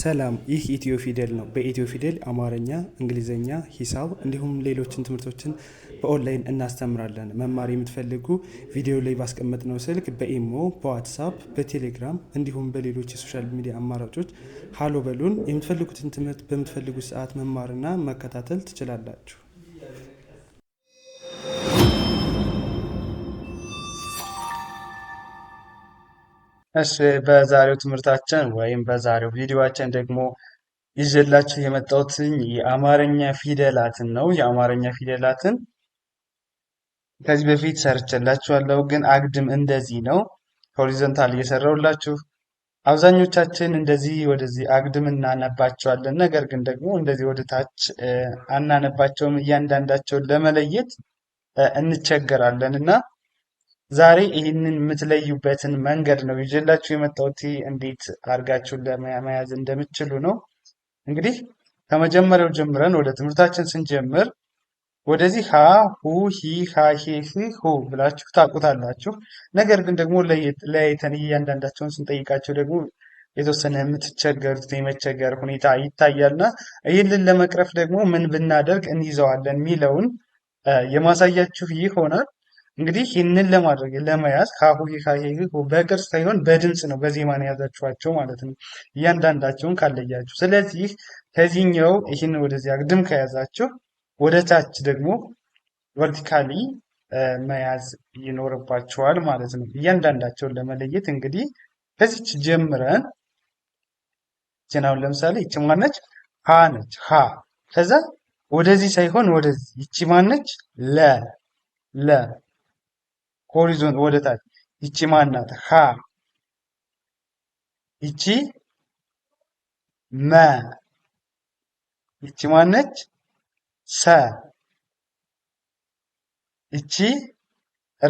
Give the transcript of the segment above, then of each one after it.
ሰላም፣ ይህ ኢትዮ ፊደል ነው። በኢትዮ ፊደል አማርኛ፣ እንግሊዝኛ፣ ሂሳብ እንዲሁም ሌሎችን ትምህርቶችን በኦንላይን እናስተምራለን። መማር የምትፈልጉ ቪዲዮ ላይ ባስቀመጥነው ስልክ በኢሞ፣ በዋትሳፕ፣ በቴሌግራም እንዲሁም በሌሎች የሶሻል ሚዲያ አማራጮች ሀሎ በሉን። የምትፈልጉትን ትምህርት በምትፈልጉት ሰዓት መማርና መከታተል ትችላላችሁ። እሺ በዛሬው ትምህርታችን ወይም በዛሬው ቪዲዮአችን ደግሞ ይዤላችሁ የመጣሁትኝ የአማርኛ ፊደላትን ነው። የአማርኛ ፊደላትን ከዚህ በፊት ሰርቼላችኋለሁ፣ ግን አግድም እንደዚህ ነው ሆሪዞንታል እየሰራሁላችሁ። አብዛኞቻችን እንደዚህ ወደዚህ አግድም እናነባቸዋለን፣ ነገር ግን ደግሞ እንደዚህ ወደ ታች አናነባቸውም። እያንዳንዳቸውን ለመለየት እንቸገራለን እና ዛሬ ይህንን የምትለዩበትን መንገድ ነው ይዤላችሁ የመጣሁት እንዴት አድርጋችሁ ለመያዝ እንደምትችሉ ነው። እንግዲህ ከመጀመሪያው ጀምረን ወደ ትምህርታችን ስንጀምር ወደዚህ ሀ ሁ ሂ ሀ ሄ ህ ሁ ብላችሁ ታውቁታላችሁ። ነገር ግን ደግሞ ለያይተን እያንዳንዳቸውን ስንጠይቃቸው ደግሞ የተወሰነ የምትቸገሩት የመቸገር ሁኔታ ይታያልና ይህንን ለመቅረፍ ደግሞ ምን ብናደርግ እንይዘዋለን የሚለውን የማሳያችሁ ይሆናል። እንግዲህ ይህንን ለማድረግ ለመያዝ ከአሁሄ ካሄ በቅርጽ ሳይሆን በድምፅ ነው በዜማ ነው የያዛችኋቸው ማለት ነው፣ እያንዳንዳቸውን ካለያችሁ። ስለዚህ ከዚህኛው ይህን ወደዚ አግድም ከያዛችሁ ወደ ታች ደግሞ ቨርቲካሊ መያዝ ይኖርባቸዋል ማለት ነው። እያንዳንዳቸውን ለመለየት እንግዲህ ከዚች ጀምረን ዜናውን ለምሳሌ ይቺ ማነች? ሀ ነች። ሀ ከዛ ወደዚህ ሳይሆን ወደዚህ። ይቺ ማነች? ለ ለ ሆሪዞንት ወደ ታች። ይቺ ማናት? ሀ ይቺ መ ይቺ ማነች? ሰ ይቺ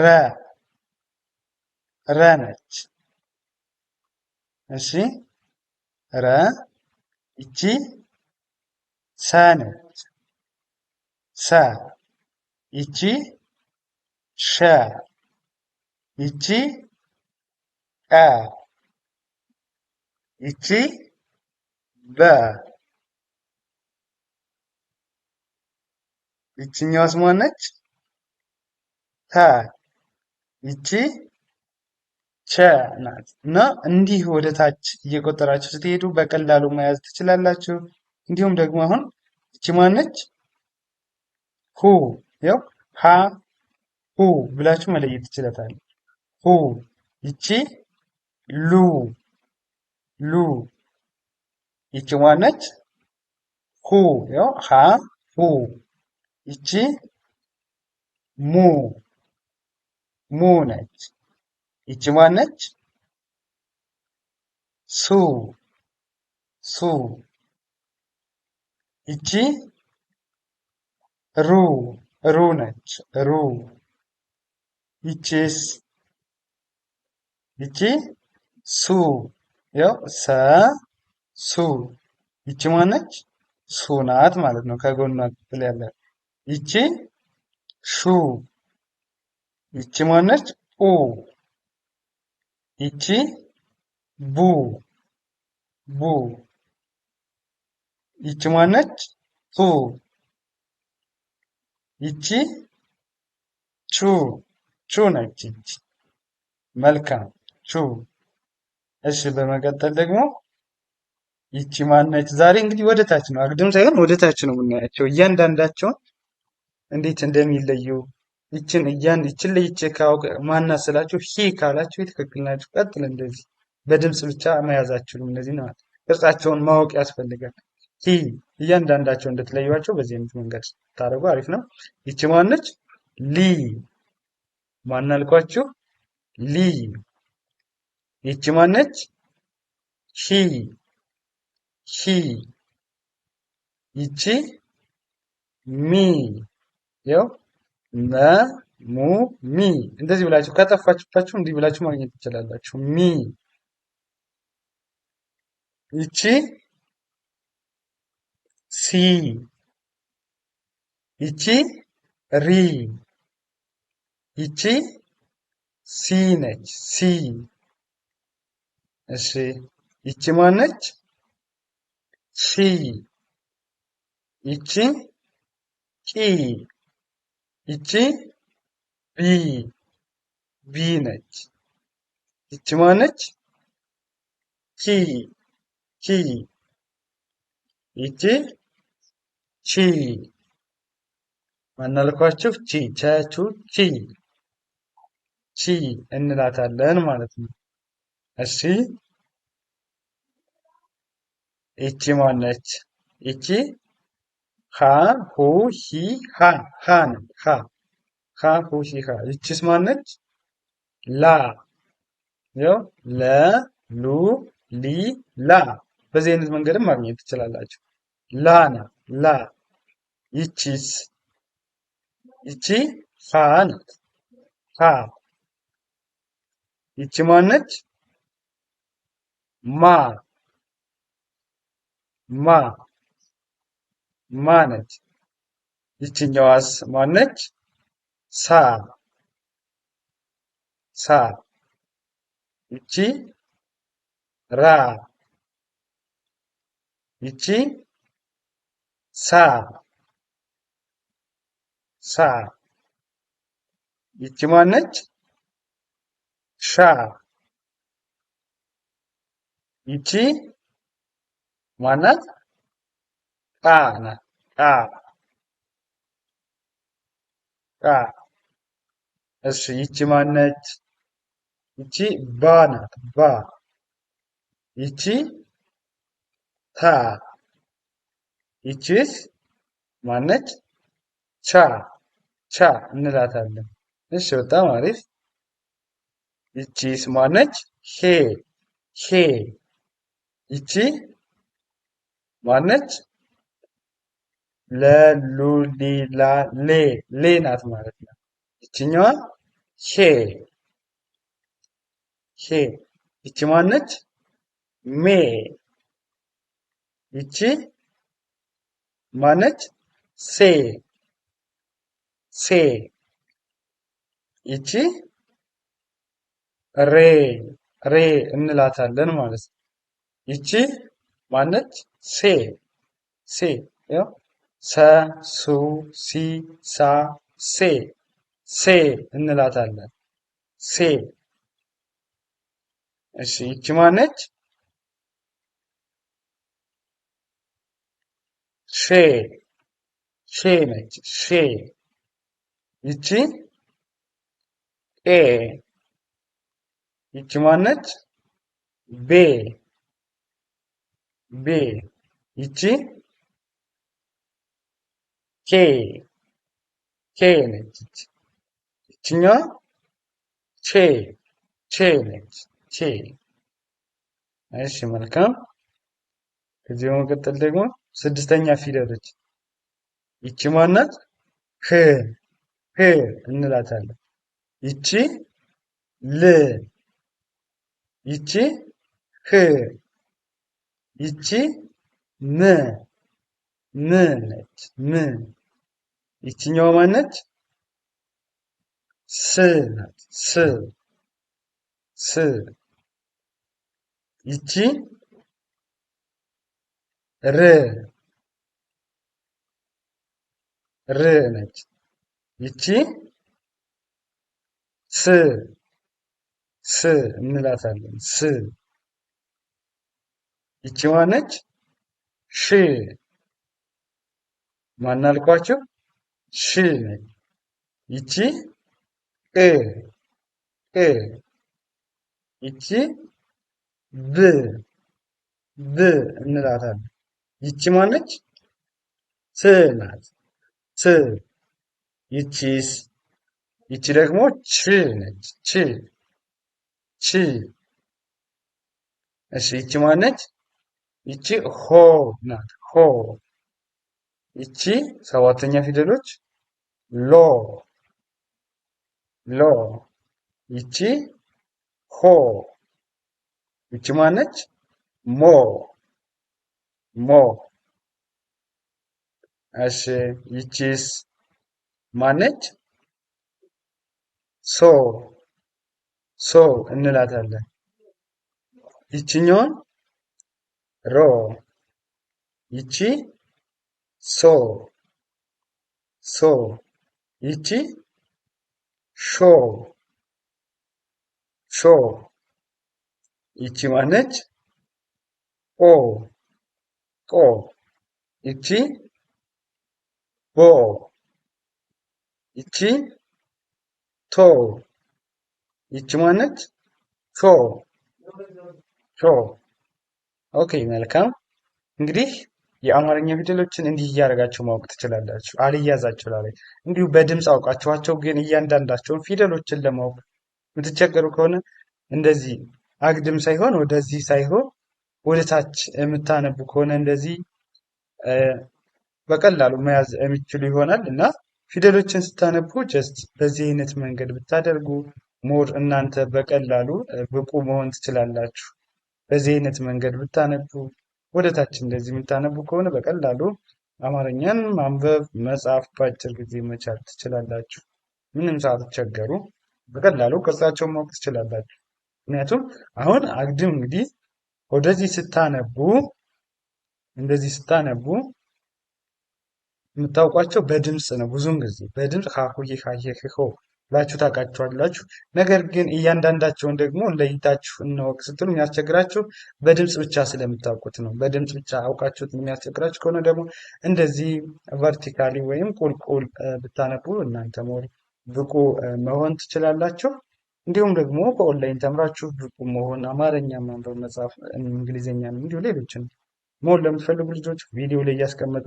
ረ ረ ነች። እሺ ረ ይቺ ሰ ነች። ሰ ይቺ ሸ ይቺ አ ይቺ በ ይቺኛዋስ ማነች? ተ ይቺ ቸ ናት። እና እንዲህ ወደ ታች እየቆጠራችሁ ስትሄዱ በቀላሉ መያዝ ትችላላችሁ። እንዲሁም ደግሞ አሁን ይቺ ማነች? ሁ ያው ሀ ሁ ብላችሁ መለየት ትችላላችሁ። ሁ ይቺ ሉ ሉ ይቺ ዋነች ሁ ያው ሀ ሁ ይቺ ሙ ሙ ነች። ይቺ ዋነች ሱ ሱ ይቺ ሩ ሩ ነች። ሩ ይቺስ ይቺ ሱ ያው ሰ ሱ ይቺ ማነች? ሱ ናት ማለት ነው። ከጎኗ ክፍል ያለ ይቺ ሹ ይቺ ማነች? ኡ ይቺ ቡ ቡ ይቺ ማነች? ቱ ይቺ ቹ ቹ ነች። መልካም ቹ። እሺ በመቀጠል ደግሞ ይቺ ማነች? ዛሬ እንግዲህ ወደ ታች ነው፣ አግድም ሳይሆን ወደ ታች ነው የምናያቸው እያንዳንዳቸውን እንዴት እንደሚለዩ ይችን እያን ይችን ለይቼ ካወቅ ማና ስላችሁ ሂ ካላችሁ ትክክል ናችሁ። ቀጥል እንደዚህ በድምፅ ብቻ መያዛችሁም እነዚህ ነው ቅርጻቸውን ማወቅ ያስፈልጋል። ሂ እያንዳንዳቸው እንድትለዩዋቸው በዚህ አይነት መንገድ ታደርጉ አሪፍ ነው። ይቺ ማነች? ሊ ማናልኳችሁ ሊ ይቺ ማነች? ሂ ሂ ይቺ ሚ ያው መ ሙ ሚ እንደዚህ ብላችሁ ከጠፋችሁባችሁ እንዲህ ብላችሁ ማግኘት ትችላላችሁ። ሚ ይቺ ሲ ይቺ ሪ ይቺ ሲ ነች ሲ እሺ ይቺ ማነች? ሺ ይቺ ቂ ይቺ ቢ ቢ ነች። ይቺ ማነች? ኪ ኪ ይቺ ቺ ማናልኳችሁ ቺ ቸቹ ቺ ቺ እንላታለን ማለት ነው። እሺ ይቺ ማነች? ይቺ ሀ ሁ ሂ ሃ ሃ ሃ ሃ ሁ ሂ ሃ። ይቺስ ማነች? ላ ያው ለ ሉ ሊ ላ። በዚህ አይነት መንገድም ማግኘት ትችላላችሁ። ላ ናት ላ። ይቺስ ይቺ ሃ ናት ሃ። ይቺ ማነች? ማ ማ ማ ነች። ይችኛዋስ ማነች? ሳ ሳ ይቺ ራ ይቺ ሳ ሳ ይቺ ማነች? ሻ ይቺ ማናት? ቃ ናት። ቃ ቃ። እሺ ይቺ ማነች? ይቺ ባ ናት። ባ ይቺ ታ ይቺስ ማነች? ቻ ቻ እንላታለን። እሺ በጣም አሪፍ። ይቺስ ማነች? ሄ ሄ ይቺ ማነች? ለሉሊላ ሌ ሌ ናት ማለት ነው። ይችኛዋ ሼ ሼ። ይቺ ማነች? ሜ። ይቺ ማነች? ሴ ሴ። ይቺ ሬ ሬ እንላታለን ማለት ነው። ይቺ ማነች? ሴ ሴ ሰ ሱ ሲ ሳ ሴ ሴ እንላታለን። ሴ እሺ፣ ይቺ ማነች? ሼ ሼ ነች። ሼ ይቺ ኤ ይቺ ማነች? ቤ ቤ ይቺ ኬ ኬ ነች። ይችኛዋ ቼ ቼ ነች። ቼ መልካም። ከዚህ በመቀጠል ደግሞ ስድስተኛ ፊደሎች ይቺ ማናት? ህ ህ እንላታለን። ይቺ ል ይቺ ህ ይቺ ም ም ነች ም። ይቺኛዋ ማነች? ስ ናት ስ ስ። ይቺ ር ር ነች። ይቺ ስ ስ እንላታለን ስ ይቺ ማነች? ሽ ማናልኳችሁ? ሽ ነች። ይቺ እ እ ይቺ ብ ብ እንላታለን። ይቺ ማነች? ት ናት። ት ይቺስ? ይቺ ደግሞ ች ነች። ች ች እሺ፣ ይቺ ማነች? ይቺ ሆ ናት። ሆ ይቺ ሰባተኛ ፊደሎች ሎ ሎ ይቺ ሆ ይቺ ማነች? ሞ ሞ እሺ ይቺስ ማነች? ሶ ሶ እንላታለን። ይችኛውን ሮ ይቺ ሶ ሶ ይቺ ሾ ሾ ይቺ ማነች? ኦ ቆ ይቺ ቦ ይቺ ቶ ይቺ ማነች? ቾ ቾ ኦኬ መልካም እንግዲህ የአማርኛ ፊደሎችን እንዲህ እያደረጋችሁ ማወቅ ትችላላችሁ። አልያዛችሁ ላለ እንዲሁ በድምፅ አውቃችኋቸው፣ ግን እያንዳንዳቸውን ፊደሎችን ለማወቅ የምትቸገሩ ከሆነ እንደዚህ አግድም ሳይሆን ወደዚህ ሳይሆን ወደ ታች የምታነቡ ከሆነ እንደዚህ በቀላሉ መያዝ የሚችሉ ይሆናል እና ፊደሎችን ስታነቡ ጀስት በዚህ አይነት መንገድ ብታደርጉ ሞር እናንተ በቀላሉ ብቁ መሆን ትችላላችሁ። በዚህ አይነት መንገድ ብታነቡ ወደ ታች እንደዚህ የምታነቡ ከሆነ በቀላሉ አማርኛን ማንበብ መጻፍ በአጭር ጊዜ መቻል ትችላላችሁ። ምንም ሳትቸገሩ በቀላሉ ቅርጻቸውን ማወቅ ትችላላችሁ። ምክንያቱም አሁን አግድም እንግዲህ ወደዚህ ስታነቡ እንደዚህ ስታነቡ የምታውቋቸው በድምፅ ነው። ብዙም ጊዜ በድምፅ ሀሁዬ ሀሄ ሆ ብላችሁ ታውቃችኋላችሁ። ነገር ግን እያንዳንዳቸውን ደግሞ ለይታችሁ እናወቅ ስትሉ የሚያስቸግራችሁ በድምፅ ብቻ ስለምታውቁት ነው። በድምፅ ብቻ አውቃችሁት የሚያስቸግራችሁ ከሆነ ደግሞ እንደዚህ ቨርቲካሊ ወይም ቁልቁል ብታነቡ እናንተ ሞር ብቁ መሆን ትችላላችሁ። እንዲሁም ደግሞ በኦንላይን ተምራችሁ ብቁ መሆን አማርኛ ማንበብ፣ መጻፍ፣ እንግሊዝኛ እንዲሁ ሌሎችን ሞር ለምትፈልጉ ልጆች ቪዲዮ ላይ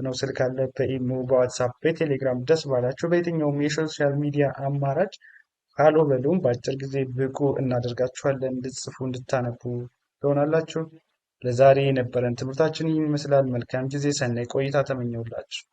ነው ስልክ አለ። በኢሞ፣ በዋትሳፕ፣ በቴሌግራም ደስ ባላችሁ በየትኛውም የሶሻል ሚዲያ አማራጭ ፋሎ በሉም። በአጭር ጊዜ ብቁ እናደርጋችኋለን። እንድትጽፉ እንድታነቡ ትሆናላችሁ። ለዛሬ የነበረን ትምህርታችን ይህን ይመስላል። መልካም ጊዜ፣ ሰናይ ቆይታ ተመኘውላችሁ።